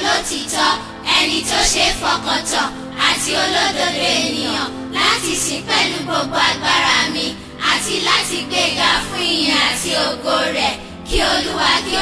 olótìtọ́ ẹni tó ṣe é fọkàntàn àti olódodo ènìyàn láti sìn pẹ̀lú gbogbo agbára mi àti láti gbéga fún ìyìn àti ògo rẹ̀ kí olúwa kí